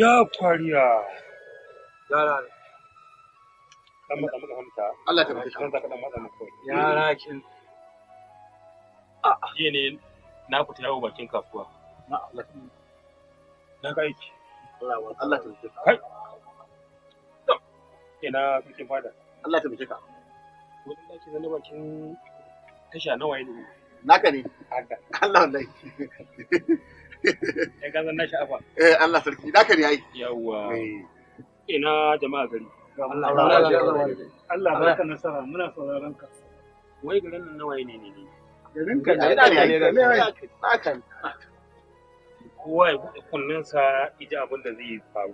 Ya kwariya. Yara ne. Dan matsa maka hamsa. Allah ta baka. Kan zaka dan matsa maka kawai. Yara kin. Ah. A ne na ku ta bakin kafuwa Na Allah. Na kai aiki. Allah ta baka. Kai. Ina kake fada. Allah ta ka Wani da ke zane bakin tasha nawa ne. Naka ne. Allah wallahi. na Eh Allah sarki, da ka ne eh. Ina jama'a gari. Allah nasara, muna sauraron Wai garin nan nawaye ne ne Garin ka ne ne Kowa ya kunnensa iji abin da zai faru.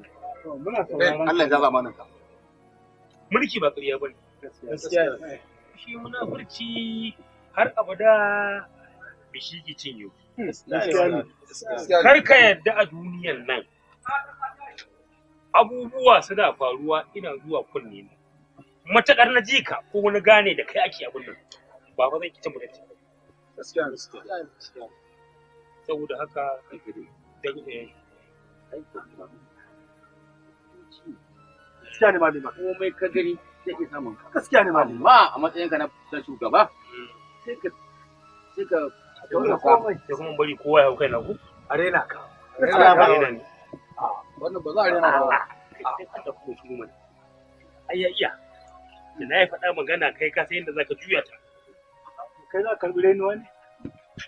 Muna ba ƙarya ba Shi munafurci har abada Kar ka yadda a duniyar nan abubuwa suna faruwa ina zuwa kunne ne. Matakar na ji ka ko wani gane da kai ake abin nan ba fa zai kita mutunci. Saboda haka eh. gaskiya ne malama komai ka gani yake samun gaskiya ne malama a matsayin ka na shugaba mm. sai ka sai ka kuma bari kowa ya kai na ku a rena ka wannan ba za a rena ba a kuma shi mun ai ya iya da na yi faɗa magana kai ka san yadda zaka juya ta kai za ka karbi renuwa ne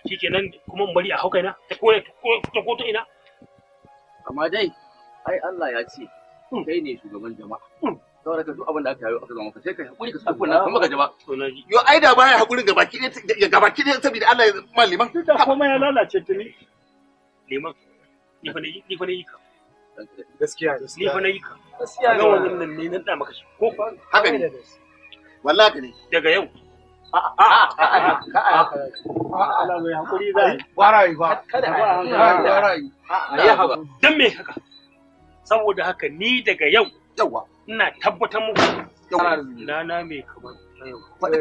shikenan kuma in bari a hauka na ta ko ta ina amma dai ai Allah ya ce hmm. kai ne shugaban jama'a hmm. saboda ka duk abin da aka aka zama ka sai ka hakuri ka sabu kuma ka jaba yo ai da baya hakurin ne saboda Allah ya ma liman ta kuma ya lalace liman ni fa ne ni fa ne ka gaskiya ni fa ne ka gaskiya ga wannan nan ne nan da maka shi ko haka ne wallahi ne daga yau Dan me haka? Saboda haka ni daga yau. Yawa. ina tabbatar muku rana mai kamar ta faɗi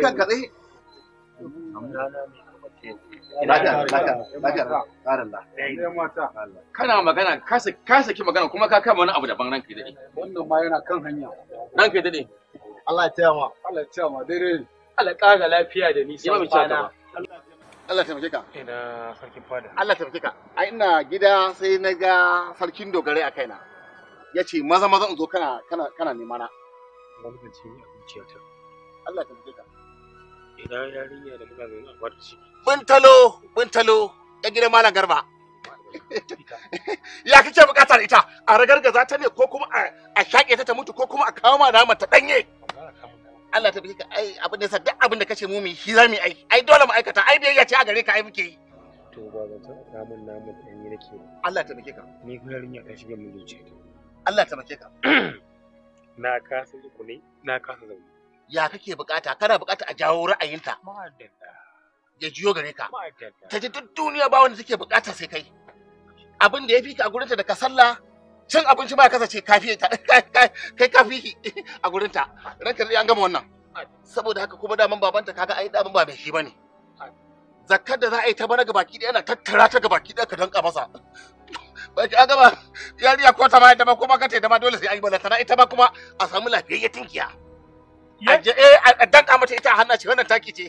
kan kana magana ka saki magana kuma ka kama wani abu daban ranka daɗe wannan ma yana kan hanya ranka daɗe Allah ya taya ma Allah ya taya ma daidai Allah ƙara lafiya da nisa kwana Allah taimake ka. Ina sarkin fada. Allah taimake ka. Ai ina gida sai na ga sarkin dogare a kaina. ya ce maza maza in zo kana kana kana nema na malgaci ne a zuciyata Allah ta buke ka idan yarinya da muna zaune a bar buntalo buntalo ya gidan malam garba ya kike bukatar ita a ragargaza ta ne ko kuma a shaƙe ta ta mutu ko kuma a kawo ma nama ta danye Allah ta ka ai abin da sa duk abin da kace mu mu shi zamu ai ai dole mu aikata ai biyayya ce a gare ka ai muke yi to ba zan ta namun namun danye nake Allah ta ka ni gurin ya kashi ga mu zuciya Allah ta ka na kasa ku ne na kasa zaune ya kake bukata kana bukata a jawo ra'ayinta ya jiyo gare ka ta ji duk duniya ba wanda take bukata sai kai abin da ya fi ka a gurinta da ka sallah cin abinci ba kasa ce kafi ta kai kafi a gurinta ranka an gama wannan saboda haka kuma daman babanta kaga ai daman ba mai shi bane zakkar da za a yi ta bana gabaki ɗaya ana tattara ta gabaki ɗaya ka danka masa ba ki agaba yariya ko ta ma da ba kuma ka ce ma dole sai an yi balantana ita ba kuma a samu lafiyayyen tinkiya a eh a danka mata ita a hannu ce wannan taki ce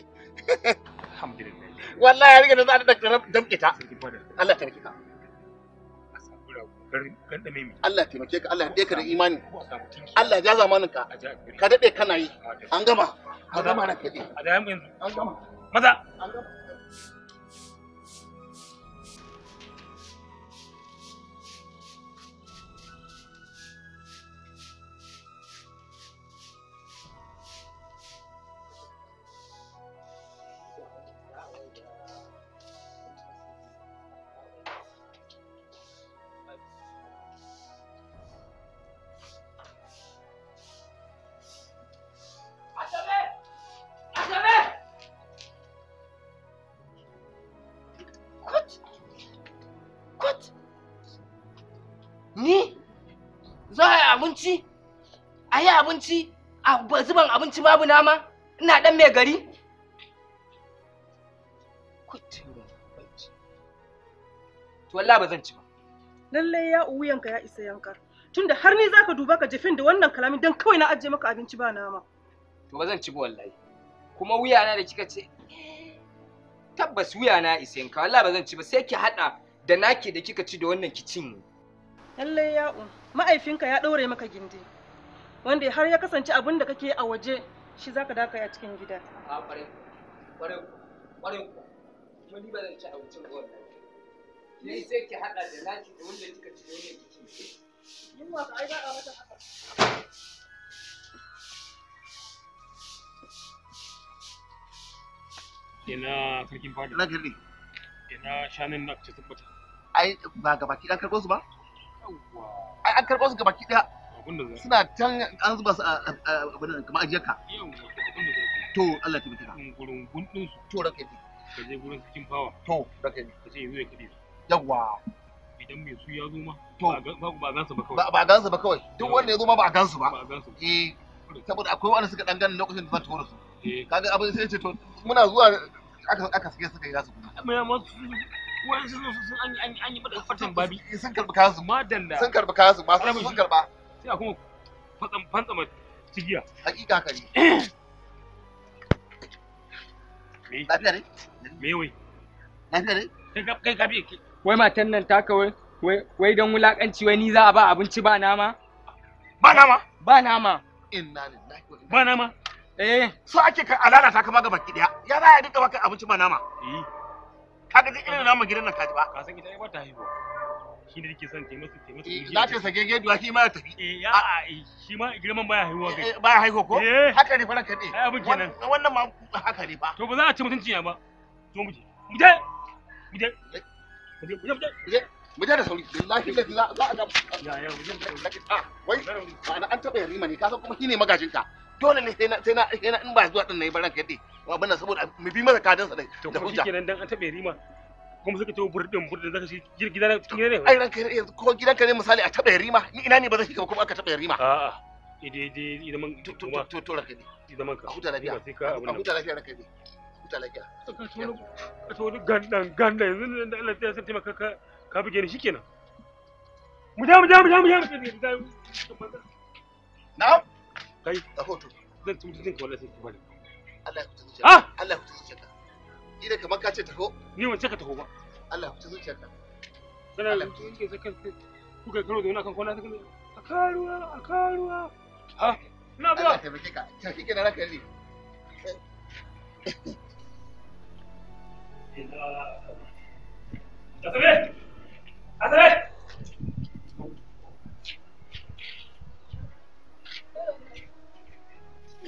alhamdulillah wallahi yariya da za a damke ta Allah ta miki ka Allah taimake ka Allah ya ka da imani Allah ya jaza manin ka ka dade kana yi an gama an gama na kaje a da yanzu an gama maza an gama babu nama ina dan mai gari to wallahi ba zan ci ba lallai ya wuyanka ya isa yankar tunda har ni zaka duba ka jefin da wannan kalamin dan kawai na ajiye maka abinci ba nama to ba zan ci ba wallahi kuma wuyana da kika ce tabbas wuyana isa yanka wallahi ba zan ci ba sai ki hada da naki da kika ci da wannan kicin lallai ya'u ma'aifinka ya daure maka gindi wanda har ya kasance abin da kake a waje shi zaka daka ya cikin gida a bare bare bare kuma ni ba zan ci abincin ruwan nan Ni sai ki hada da naki da wanda kika ci wani kike yunwa ka ai ba a mata haka ina sarkin fadi Na girni ina shanin nak ci tabbata ai ba gabaki dan karbo su ba ai an karbo su gabaki daya suna can an zuba su a abin kamar ka to Allah ta bi su to raka yi ka je gurin cikin to raka ka ce yanzu ya yawa idan mai su ya zo ma ba gansu ba kawai ba ba kawai duk wanda ya zo ma ba su ba eh saboda akwai wanda suka dan lokacin da zan tura su eh. kaga abin sai ce to muna zuwa aka aka sake suka yi nasu kuma amma wani sun sun an yi an yi babi eh, sun karbi madalla sun karbi sun karba sai a kuma fantsama cigiya hakika haka ne lafiya ne me wai lafiya ne kai ka bi wai matan nan taka wai wai don wulakanci wai ni za a ba abinci ba nama ba nama ba nama inna lillahi ba nama eh so ake ka alala ta kama ga baki daya ya za a dinka baka abinci ba nama eh Ka duk irin naman gidan nan kaji ba ka san ita ba ta haihuwa shi ne nake son taimaka taimaka eh, za ta sake geduwa shi ma ya tafi eh, eh, shi ma girman baya haihuwa baya haihuwa ko haka ne ai abin kenan wannan ma haka ne fa to ba za a ci mutunci ya ba to mu je mu je mu da sauri za a ga ya ya ah, wai ba na an taba yarima ne magajinka dole ne sai na sai na in ba zuwa din nayi saboda mu bi masa kadansa da hujja to kenan dan an rima kuma suka ce burdin burdin zaka shi gida na cikin ne ai ranka yanzu ko ka ne misali a taba yarima ni ina ne ba zan shiga kuma aka taba yarima a'a ide ide ide man to to to ranka ne ide man ka huta lafiya a huta lafiya ranka ne huta lafiya to ka to gandan gandan yanzu da Allah ya san taimaka ka ka buge ni shikenan mu ja mu ja mu ja mu ja na'am kai ta hoto zan tuntun ka wallahi sai ku bari Allah ya huta ah! Allah ya huta ina kamar ka ce taho ni wance ka taho ba Allah ya zuciyarka kana da yake zaka kuka karo da wani akan kwana take a karuwa a karuwa ha na ba ta bace ka ta kike na raka ne Asabe! Asabe!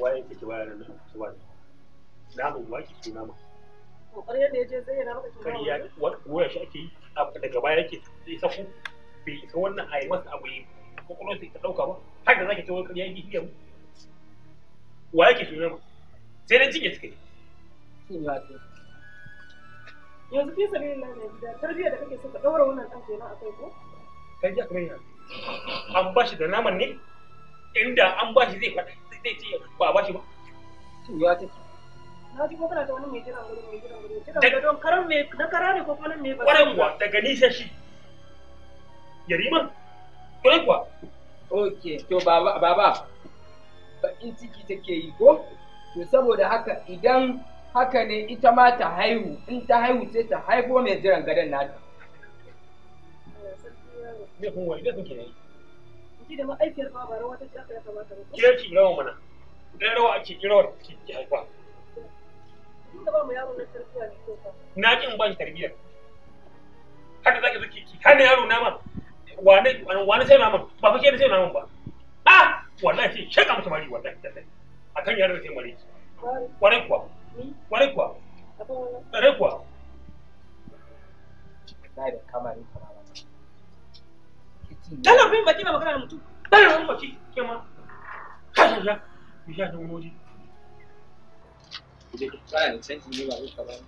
Waye kake bayar da wani? Na mu waki you know. ƙoƙarin ya je zai yana maka kariya waya shi ake yi daga baya yake zai sako bai isa wannan a yi masa abu yi kwakwalwar sai ta ɗauka ba har da zaki ce wani ƙarya yake iya mu wa yake tunan mu sai dai jinya suka yi yanzu fi sabi na ne da tarbiyya da kake so ka ɗaura wannan ɗan kenan ko. kai ko tarbiyya kamar yana an ba shi da naman ne inda an ba shi zai faɗa zai ce ba a ba shi ba ya take na ji kana da wani mai jiran gudu mai jiran gudu jiran gudu don karan mai na kara ne ko kuma mai ba kwarai kuwa daga nisa shi yariman kwarai kuwa ok to baba baba bakin ciki take yi ko to saboda haka idan haka ne ita ma ta haihu in ta haihu sai ta haifo mai jiran gadon nata me kun wani da kuke yi ji da ma'aikiyar babara wata ce aka ta kamata ke ki rawa mana dan rawa ake ki rawa ki haifa na ƙin ban tarbiyyar haka zaki zuki ki hana yaro na man wane wane sai maman ba fa ke da sai ba Ah wallahi sai shaka musu mari wallahi tallahi akan yaro sai mari kwarai kuwa yi kuwa kuwa da kamarin kamar Dala bin baki na magana da mutum. Dala bin baki ke ma. Ka sha sha. wani waje. Claro, 150 mil barritas,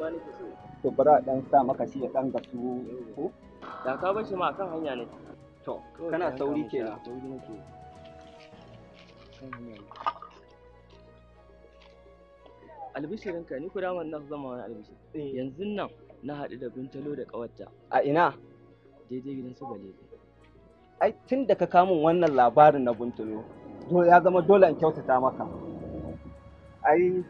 ma nake so to bari a ɗan sa maka shi ya ɗan gasu ko da ka bar shi ma kan hanya ne to kana sauri kenan sauri nake ka ni ku damar na zama wani albishir eh. yanzu nan na haɗu da bintalo da ƙawarta a ina daidai gidan su bale ai tun da ka kamun wannan labarin na bintalo ya zama dole in kyautata maka ai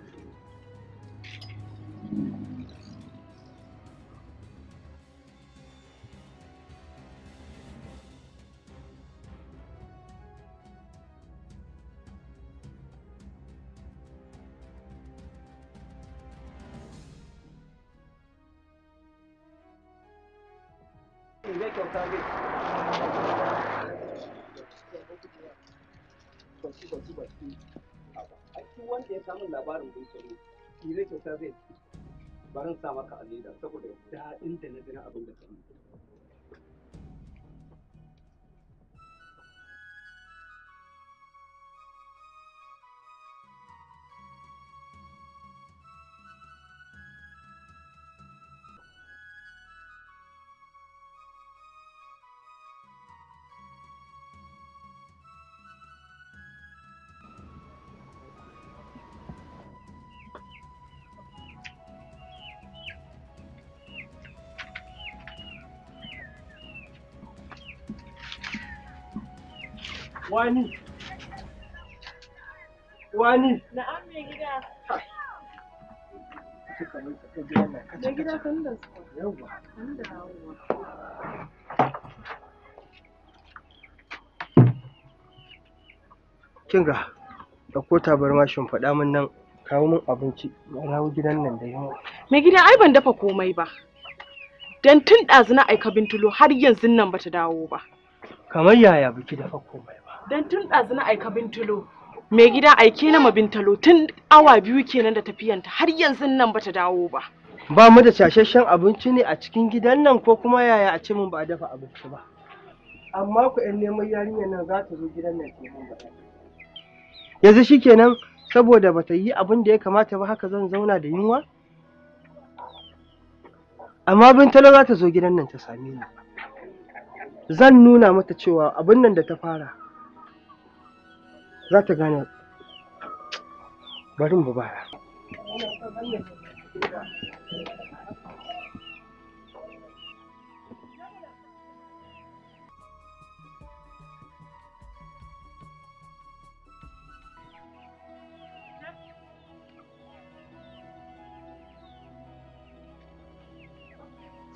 Wani. Wani. Na'am mai gida. Mai gida kan da su. Yawwa. Kan da hawa. Kinga, ɗauko tabarma shimfiɗa min nan kawo min abinci na rawo gidan nan da yawa. Mai gida ai ban dafa komai ba. Dan tun ɗazu na aika bintulo har yanzu nan bata dawo ba. Kamar yaya biki dafa komai don tun ɗazuna aika bintulo mai gida aike na bintulo tun awa biyu kenan da tafiyanta har yanzu nan bata dawo ba ba mu da cashashen abinci ne a cikin gidan nan ko kuma yaya a ce mun ba a dafa abinci ba amma ku ɗan neman yarinyar nan za ta zo gidan nan ke mun ba yanzu shikenan saboda bata yi abin da ya kamata ba haka zan zauna da yunwa amma bintalo za ta zo gidan nan ta same ni zan nuna mata cewa abin nan da ta fara za ta gane bari mu baya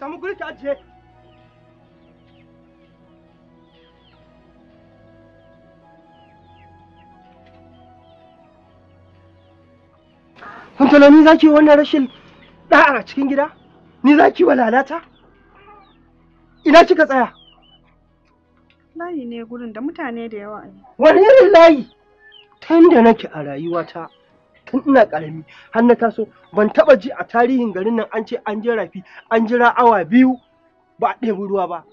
samu guri ajiye kuntalo ni zaki wannan rashin da'ara a cikin gida ni zaki wa lalata ina kika tsaya layi ne gurin da mutane da yawa ne wani irin layi tun da nake a rayuwata tun ina karami har na taso ban taba ji a tarihin garin nan an ce an je rafi an jira awa biyu ba a ɗebi ruwa ba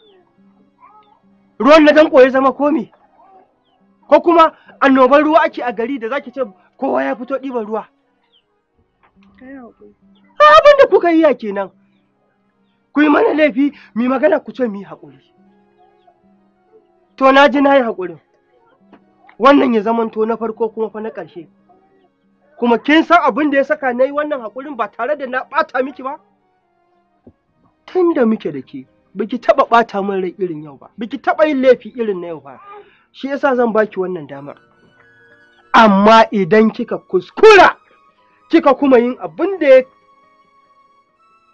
ruwan na danko ya zama komi ko kuma annoban ruwa ake a gari da zaki ce kowa ya fito ɗiban ruwa Abin da kuka yi ya kenan. Ku yi mana laifi, mi magana ku ce mi haƙuri. To na ji na yi haƙurin. Wannan ya zama to na farko kuma fa na ƙarshe. Kuma kin san abin da ya saka na yi wannan haƙurin ba tare da na ɓata miki ba? Tun da muke da ke, biki taɓa ɓata min rai irin yau ba, biki taɓa yin laifi irin na yau ba. Shi yasa zan baki wannan damar. Amma idan kika kuskura kika kuma yin abin da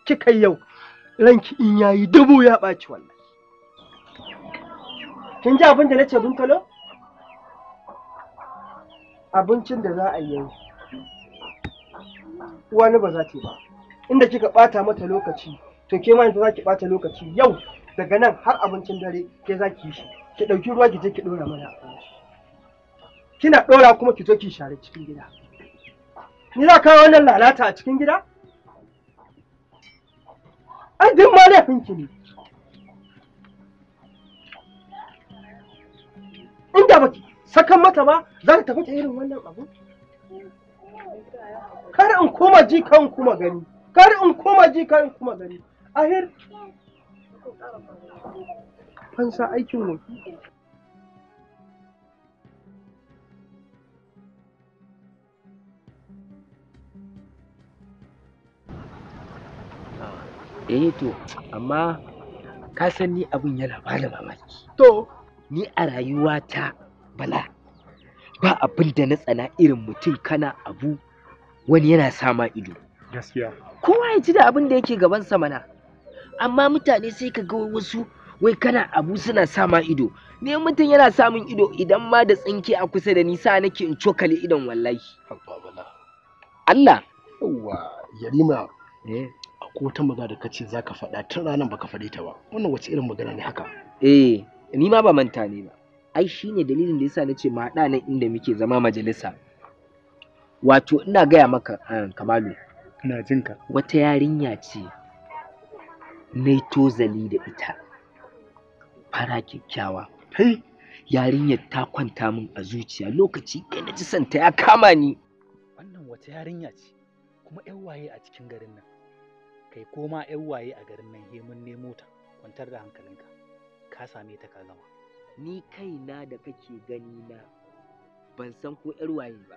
kika yau ranki in yayi dubu ya ɓaci wallahi kin ji abin da na ce bunkalo abincin da za a yi yau wani ba za ta ba inda kika ɓata mata lokaci to ke ma yanzu za ki ɓata lokaci yau daga nan har abincin dare ke za ki yi shi ki ɗauki ruwa ki je ki ɗora mana kina ɗora kuma ki zo ki share cikin gida Ni za ka wannan lalata a cikin gida? Ai duk ma laifinki ne. Inda baki sakan mata ba za ta tafi ta irin wannan abu? Kar in koma ji kan kuma gani. Kar in koma ji kan kuma gani. Ahir. Fansa aikin wakil. eh to amma ka san ni abin yana bani mamaki to ni a rayuwata bala ba abin da na tsana irin mutum kana abu wani yana sama ido gaskiya kowa ya ci da abin da yake gaban sa mana amma mutane sai ka ga wasu wai kana abu suna sama ido ne mutum yana samun ido idan ma da tsinke a kusa da nisa nake in cokali idon wallahi Allah yarima eh. ko ta magana da kace zaka za faɗa tun ranar baka faɗe ta ba wannan wace irin magana ne haka eh ni ma ba manta ne ba ai shine dalilin da yasa na ce ma nan inda muke zama majalisa wato ina gaya maka ah, kamalu ina jin ka wata yarinya ce na tozali da ita fara kyakkyawa hey. yarinyar ta kwanta min a zuciya lokaci kai na ji santa ya kama ni wannan wata yarinya ce kuma 'yan waye a cikin garin nan kai ko ma yan waye a garin nan he mun nemo ta kwantar da hankalinka ka same ta ka gama ni kaina da kake gani na ban san ko yar waye ba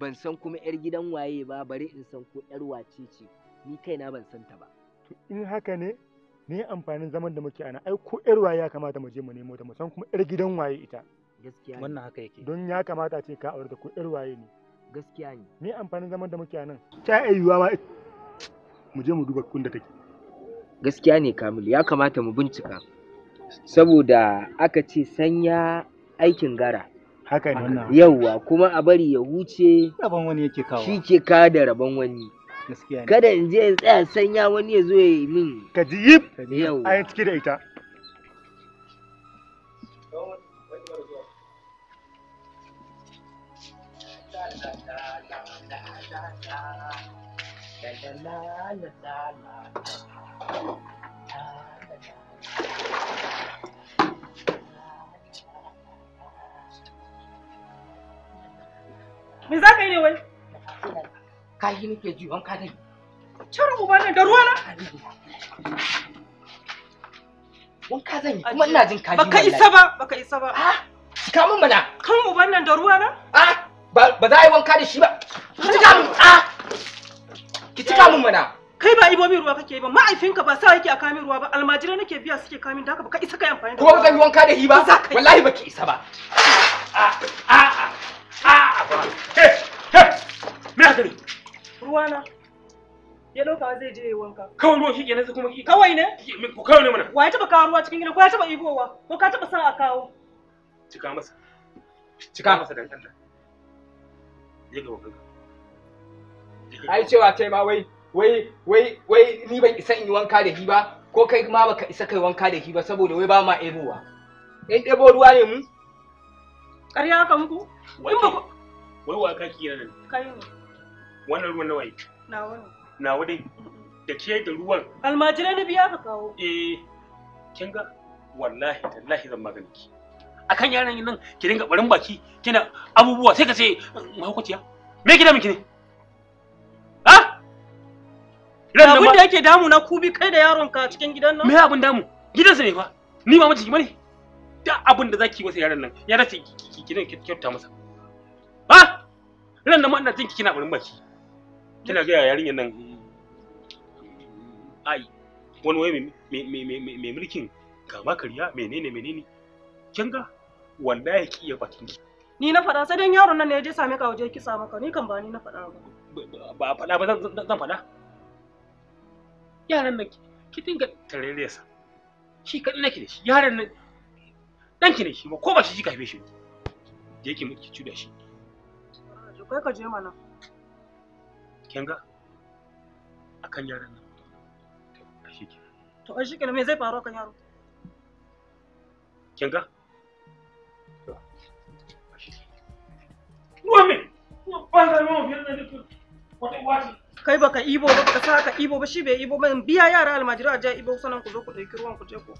ban san kuma yar gidan waye ba bari in san ko yar wace ce ni kaina ban san ta ba in haka ne ne amfanin zaman da muke ana ai ko yar waye ya kamata mu je mu nemo ta mu san kuma yar gidan waye ita gaskiya wannan haka yake don ya kamata ce ka aure da ko yar waye ne gaskiya ne me amfanin zaman da muke nan ta ayyuwa ba mu je mu duba kun da take gaskiya ne kamil ya kamata mu bincika saboda aka ce sanya aikin gara haka ne wannan yauwa kuma a bari ya huce rabon wani yake kawo shi ke ka da rabon wani gaskiya ne kada in je in tsaya sanya wani ya zo ya yi min ka ji yib a cike da ita da da da Me za ka yi ne wai? Ka yi nake ji wanka ne. Cire mu bana da ruwa na. Wanka zan yi kuma ina jin kaji. Baka isa ba, baka isa ba. Ah! Ka mun bana. Kan uban nan da ruwa na? Ah, ba za a yi wanka da shi ba. Ki ji ka mun. Ah. Ki cika min mana. Kai ba ibomin ruwa kake ba, ma'aifinka ba sa yake a kamin ruwa ba, almajira nake biya suke kamin da haka ba ka isa kai amfani da Kuma ba zan yi wanka da hi ba? Wallahi ba ki isa ba. A a a a He he me haka ne? Ruwa na. Ya dauka zai je wanka. Kawai ruwa shi kenan sai kuma kawai ne? Ku kawai ne mana. Wa ya taba kawo ruwa cikin gidan ko ya taba ibowa ko ka taba sa a kawo? Cika masa. Cika masa dan Allah. Je ga wanka. ai cewa kai ma wai wai wai wai ni ban isa in yi wanka da shi ba ko kai ma baka isa kai wanka da shi ba saboda wai ba ma ebowa in ɗebo ruwa ne mu ƙarya ka muku in ba wai wa kaki nan kai wannan ruwan nawa nawa ne nawa dai da ke da ruwan almajirai na biya ka kawo eh kin ga wallahi tallahi zan magana ki akan yaran nan ki dinga barin baki kina abubuwa sai ka ce mahaukaciya me ki miki ne abin da yake damu na kubi kai da yaron ka cikin gidan nan me abin damu gidansa ne fa ni ba miji bane da abin da zaki masa yaron nan ya race kidan kyauta masa ba ran da ma ina jin kina burin baki kina ga yarinyar nan ai wani wai mai mulkin kama karya menene menene kin ga wallahi ki iya bakin ki ni na faɗa sai dan yaron nan ne ya je same ka waje kisa maka ni kan ba ni na faɗa ba ba faɗa ba zan faɗa yaran nan ki dinga sa shi kaɗan nake da shi yaran nan ki ne shi ba ko ba shi ka haife shi da yake miki cuda shi kai ka je mana kin ga akan yaran nan to shi ai shi me zai faru akan yaro kin ga Woman! What bother me? You're not the What I watch. kai baka ibo ba baka saka ibo ba shi bai ibo ba biya yara almajira a ja ibo sanan ku zo ku ɗauki ruwan ku je ku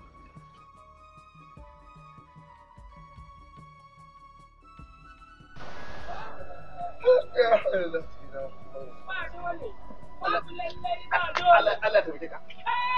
Allah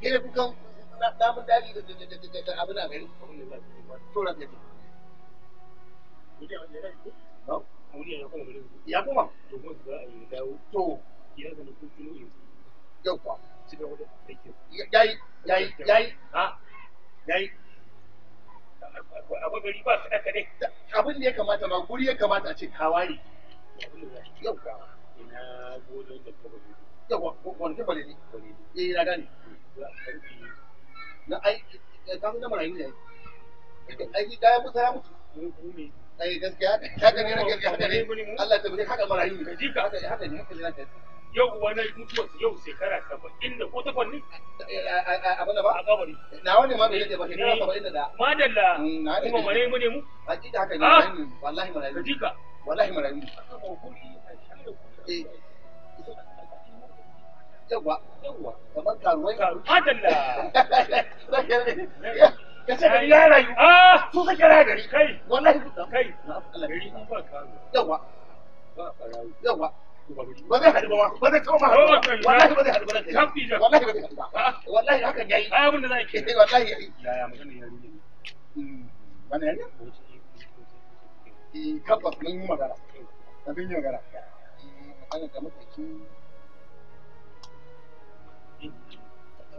kira kukan namun daji da abin a gari tura gaji ya kuma to yau kwa yayi yayi yayi yayi abu gari ba kaɗa kaɗai abin da ya kamata ma guri ya kamata a ce kawari yau kwa ina da kawai yawa wanke kwalili eh na gane na aiki ta zama marayu ne aiki da ya mutu ya mutu ai gaskiya haka ne nake haka ne Allah ta bude haka marayu ne jika haka haka ne haka ne haka yau wani mutuwar yau shekara saba'in da ko takwas ne? abin da ba? a kabari na wani ma bai yadda ba shekara saba'in da da madalla kuma mare mu ne mu? hakika haka ne wallahi marayu hakika wallahi marayu yawa yawa kamar ka ce gari ya rayu ah! su gari kai wallahi kai gari ba karu yawa ba rayu yawa ba zai hadu ba ba zai ma haɗu wallahi ba zai ba wallahi ba zai ba ah. wallahi hakan yayi ai abin da za ki wallahi yayi yaya magana ne hmm. kafa eh, mun yi magana abin yi magana eh, magana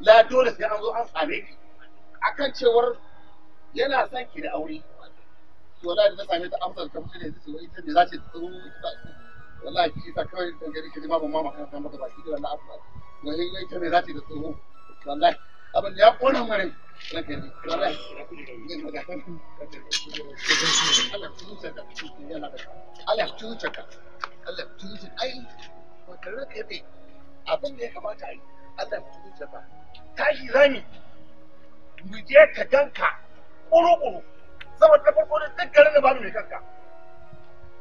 la dole sai an zo an same ki akan cewar yana son ki da aure to wallahi da same ta amsar ta mutane su ce ita ne za ta tsoro wallahi ki ta kai da gari ki ma ban ma makaranta maka ba shi da wai ita ne za ta tsoro wallahi abin da ya kona wallahi Allah tuce ka Allah tuce ka Allah tuce ai abin da ya kamata a yi adam tun jaba tashi zami mu je ka ganka ƙuru-ƙuru saboda ta farko duk garin da babu mai kanka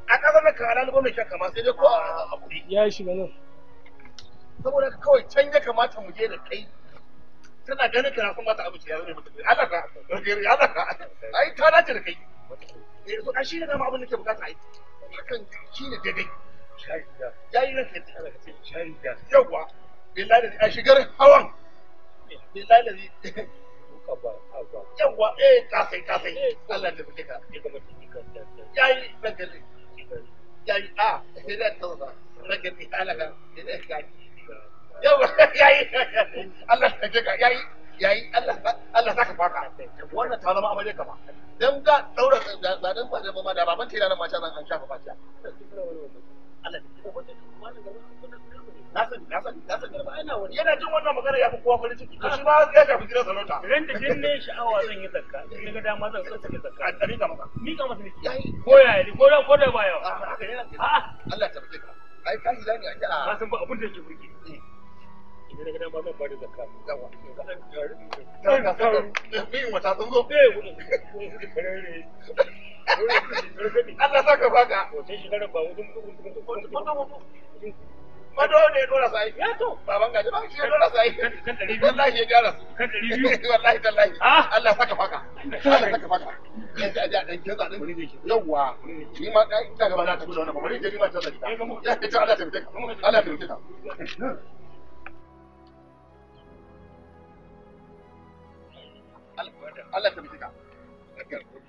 a ƙasar na kara na gwamnati kanka ma sai dai ko a ya shiga nan saboda kawai can ya kamata mu je da kai tana ganin kana son ta abinci ya zo ne mutum Allah ka Allah ka ai ta dace da kai eh to shi ne dama abin da ke bukata ai hakan shi ne daidai yayi ranka ya tsaya daga cikin shari'a yawa billahi a shigar hawan billahi yawa eh kasai kasai eh, Allah da yayi yayi a sai da rage halaka ka yawa yayi Allah yayi yayi Allah Allah saka wannan kama dan ga daura da ba da ba an shafa fatiya yana jin wannan magana ya fi kowa farin ciki to shi ma ya shafi gidan sarauta ran da jin ne sha'awa zan yi zakka in ga dama zan tsaka zakka a tsari ga maka ni ga masa ne ko ya yi ko da ko da ba yau Allah ta bake ka ai ka hila ne a ka san ba abin da yake burge idan ga dama zan bada zakka yawa ga an ka san me mata sun zo eh Allah saka baka. Sai shekarar ba wutun Mado ne dora sai. Ya to. Baban gaji ba shi dora sai. Kan dari biyu. Wallahi ya gyara su. Kan dari biyu. Wallahi tallahi. Ah. Allah saka baka. Allah saka baka. ma ɗan tafi da wani ba. Bari je ma ta zaki. Eh, Allah ta fita ka. Allah ta fita ka. ta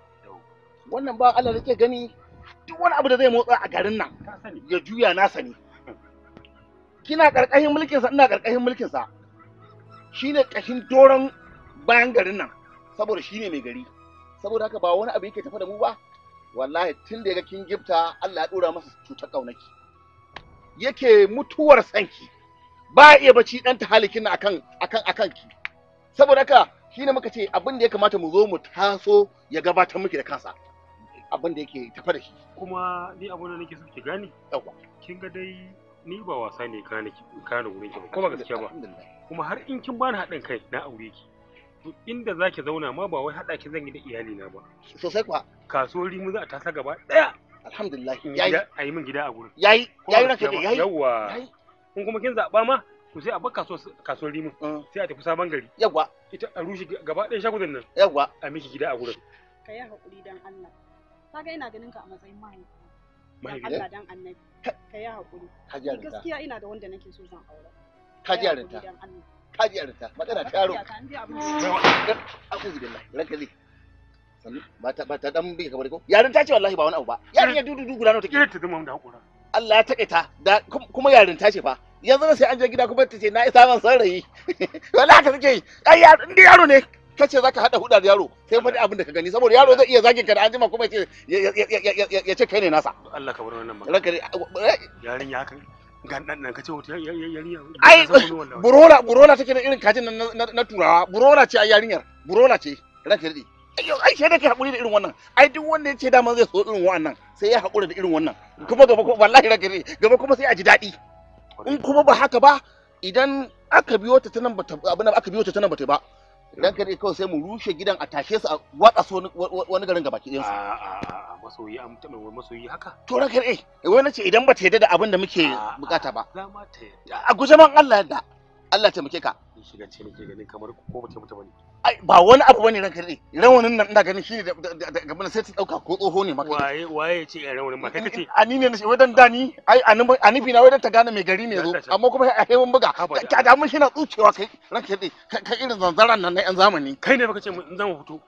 wannan ba Allah da ke gani duk wani abu da zai motsa a garin nan ya juya na sani kina karkashin mulkin sa ina karkashin mulkin sa shine kashin doron bayan garin nan saboda shine mai gari saboda haka ba wani abu yake tafa da mu ba wallahi tun da ya ga kin gifta Allah ya dora masa cutar kaunaki yake mutuwar sanki ba iya bacci dan ta halikin akan akan akan ki saboda haka shine muka ce abin da ya kamata mu zo mu taso ya gabatar miki da kansa abin da yake tafa da shi kuma ni abu da nake so ki gane yawa kin ga dai ni ba wasa ne kana kana wurin ki ba kuma gaskiya ba kuma har in kin bani haɗin kai na aure ki to inda zaki zauna ma ba wai haɗa ki zan yi da iyali na ba sosai kuwa kasuwar mu za a tasa gaba daya alhamdulillah yayi a yi min gida a gurin yayi yayi na da yayi yawa kun kuma kin zaba ma ku sai a bar kasuwar rimin mm. sai a tafi sabon gari yawa ita a rushe gaba ɗaya shagunan nan yawa a miki gida a gurin ka yi haƙuri don Allah kaga ina ganin ka a matsayin mahaifi dan Allah dan annabi ka yi hakuri ka ji gaskiya ina da wanda nake so zan aure ka ji yarinta ka ji yarinta magana ta yaro billahi rakali ba ta ba ta dan bi kamar ko yarin ta ce wallahi ba wani abu ba yarinya dudu dudu gudano take ta zama da hakura Allah ya takaita da kuma yarin ta ce fa yanzu sai an je gida kuma ta ce na isa ban san rayi wallahi haka suke yi ai yaro ne kace zaka hada huda da yaro sai fa abin da ka gani saboda yaro zai iya zage ka da anjima kuma yace ya ce kai ne nasa Allah ka bar wannan magana ranka eh. ya kan, gan dan nan kace wata yarinya ai burola burola take da irin kajin nan na turawa burola ce ai yarinyar burola ce ranka dadi ai sai da ke hakuri da irin wannan ai duk wanda ya ce dama zai so irin wannan sai ya hakura da irin wannan kuma gaba kuma wallahi ranka dadi gaba kuma sai a ji daɗi in kuma ba haka ba idan aka biyo ta ta nan ba aka biyo ta nan ba ta ba dan kare kawai sai mu rushe gidan a tashe su a watsa su wani garin gaba kidan su a masoyi an taba wani masoyi haka to ran eh wai nace idan ba ta yadda da abin da muke bukata ba za ma ta yadda a guje man Allah yadda Allah muke ka shiga ce nake ganin kamar ko ba ta mutu ba wani abu bane ranka dai rawanin nan ina ganin shine da gaban sai ta dauka ko tsoho ne maka waye waye ya ce rawanin maka kace ani ne shi wadan dani ai anibi na wadan ta gane mai gari ne zo amma kuma a hewan buga ka da mun shina tsucewa kai ranka dai kai irin zanzaran nan na yan zamani kai ne baka ce mun zama hutu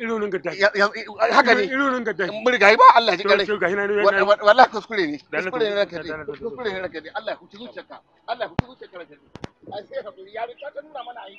ironin gaddafi haka ne ironin gaddafi mun ba Allah ji kare wallahi kuskure ne kuskure ne ranka dai kuskure ne ranka dai Allah ya huce zuciyarka Allah ya huce zuciyarka ranka dai ai sai hakuri ya ta nuna mana ai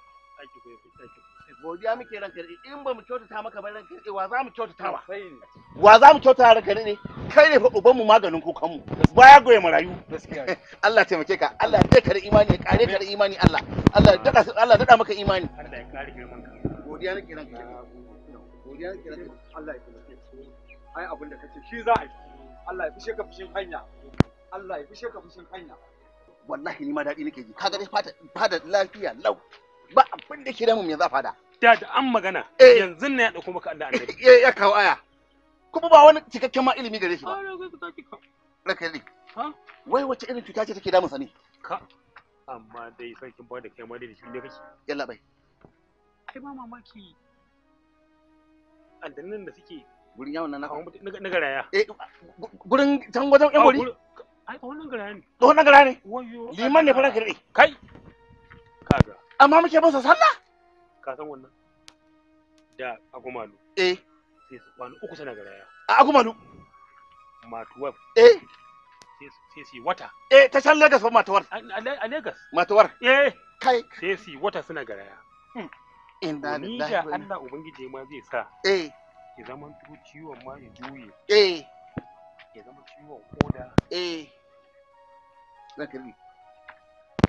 sake ku godiya muke ranka in ba mu kyautata maka ba wa za mu kyautata wa wa za mu kyautata ne kai ne fa uban mu maganin kukan mu baya goye marayu Allah taimake ka Allah ya kare imani ya kare kare imani Allah Allah dada Allah maka imani Allah ya kare girman ka godiya nake godiya nake Allah ya taimake ai abin da kace shi za a yi Allah ya fishe ka fishin hanya Allah ya fishe ka fishin hanya wallahi ni ma daɗi nake ji kaga dai fata fata lafiya lau ba abin da ke damu mai a da. da da an magana eh. yanzu ne ya dauko maka Allah annabi ya kawo aya kuma ba wani cikakken ma ilimi gare shi ba ah, raka yi wai wace irin cuta ce take damun sa ne ka amma dai sarkin ba da kai ma dai shi ne kake yalla bai ai ba mamaki da suke gurin yawon nan na garaya eh gurin can wajen yan bori ai garaya ne garaya ne liman ne fara kai kaga amma muke masa sallah ka san wannan da agumalu eh sai su kwano uku sana garaya a agumalu matuwar eh sai su wata eh ta can Lagos ba matuwar a Lagos matuwar eh kai sai su wata suna garaya hmm. inda ni da Allah ubangiji ma zai sa eh ya zama ciwon ma ya juye eh ya zama ciwon koda eh ranka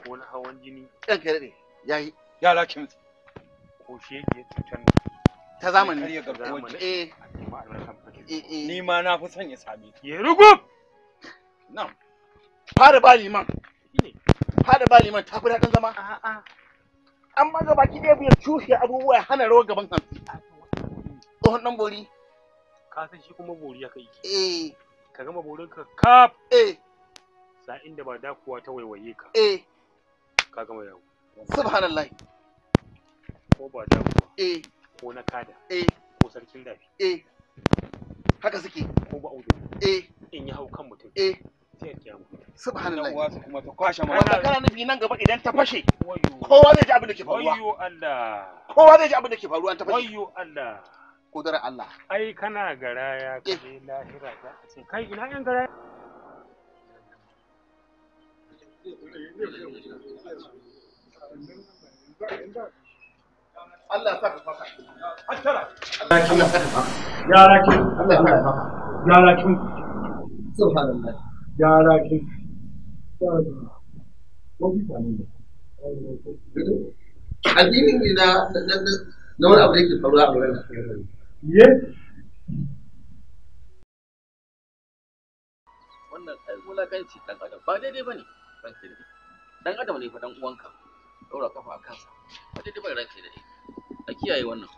ko na hawan jini ranka ne yayi ya ki mutsi ko shi yake cutar ta zamani eh. Eh, eh ni ma na fi son ya same ki ya rugu na fara ba liman fara ba liman ta fi daɗin zama a'a amma ga baki ɗaya bai cushe abubuwa ya hana rawar gaban hannu tsohon ɗan bori ka san shi kuma bori ya kai eh ka gama borin ka kaf eh sa'in da ba dakuwa ta waiwaye ka eh ka gama yawo subhanallah ko ba da eh ko na kada eh ko sarkin dafi eh haka suke ko ba audu eh in ya hau kan mutum eh subhanallah wasu kuma ta kwashe ma wannan kana nufi nan gaba idan ta fashe kowa zai ji abin da ke faruwa wayyo Allah kowa zai ji abin da ke faruwa ta fashe wayyo Allah kudurar Allah ai kana garaya ka eh. lahira ta kai ina yan garaya Allah Allah Allah Addinin ne na na wani abu da yake faruwa a wurin. Wannan adam ba daidai ba ne adam ne fa uwanka. ɗaura kafa a kansa ba daidai ba ranka da a kiyaye wannan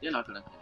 yana haka ranka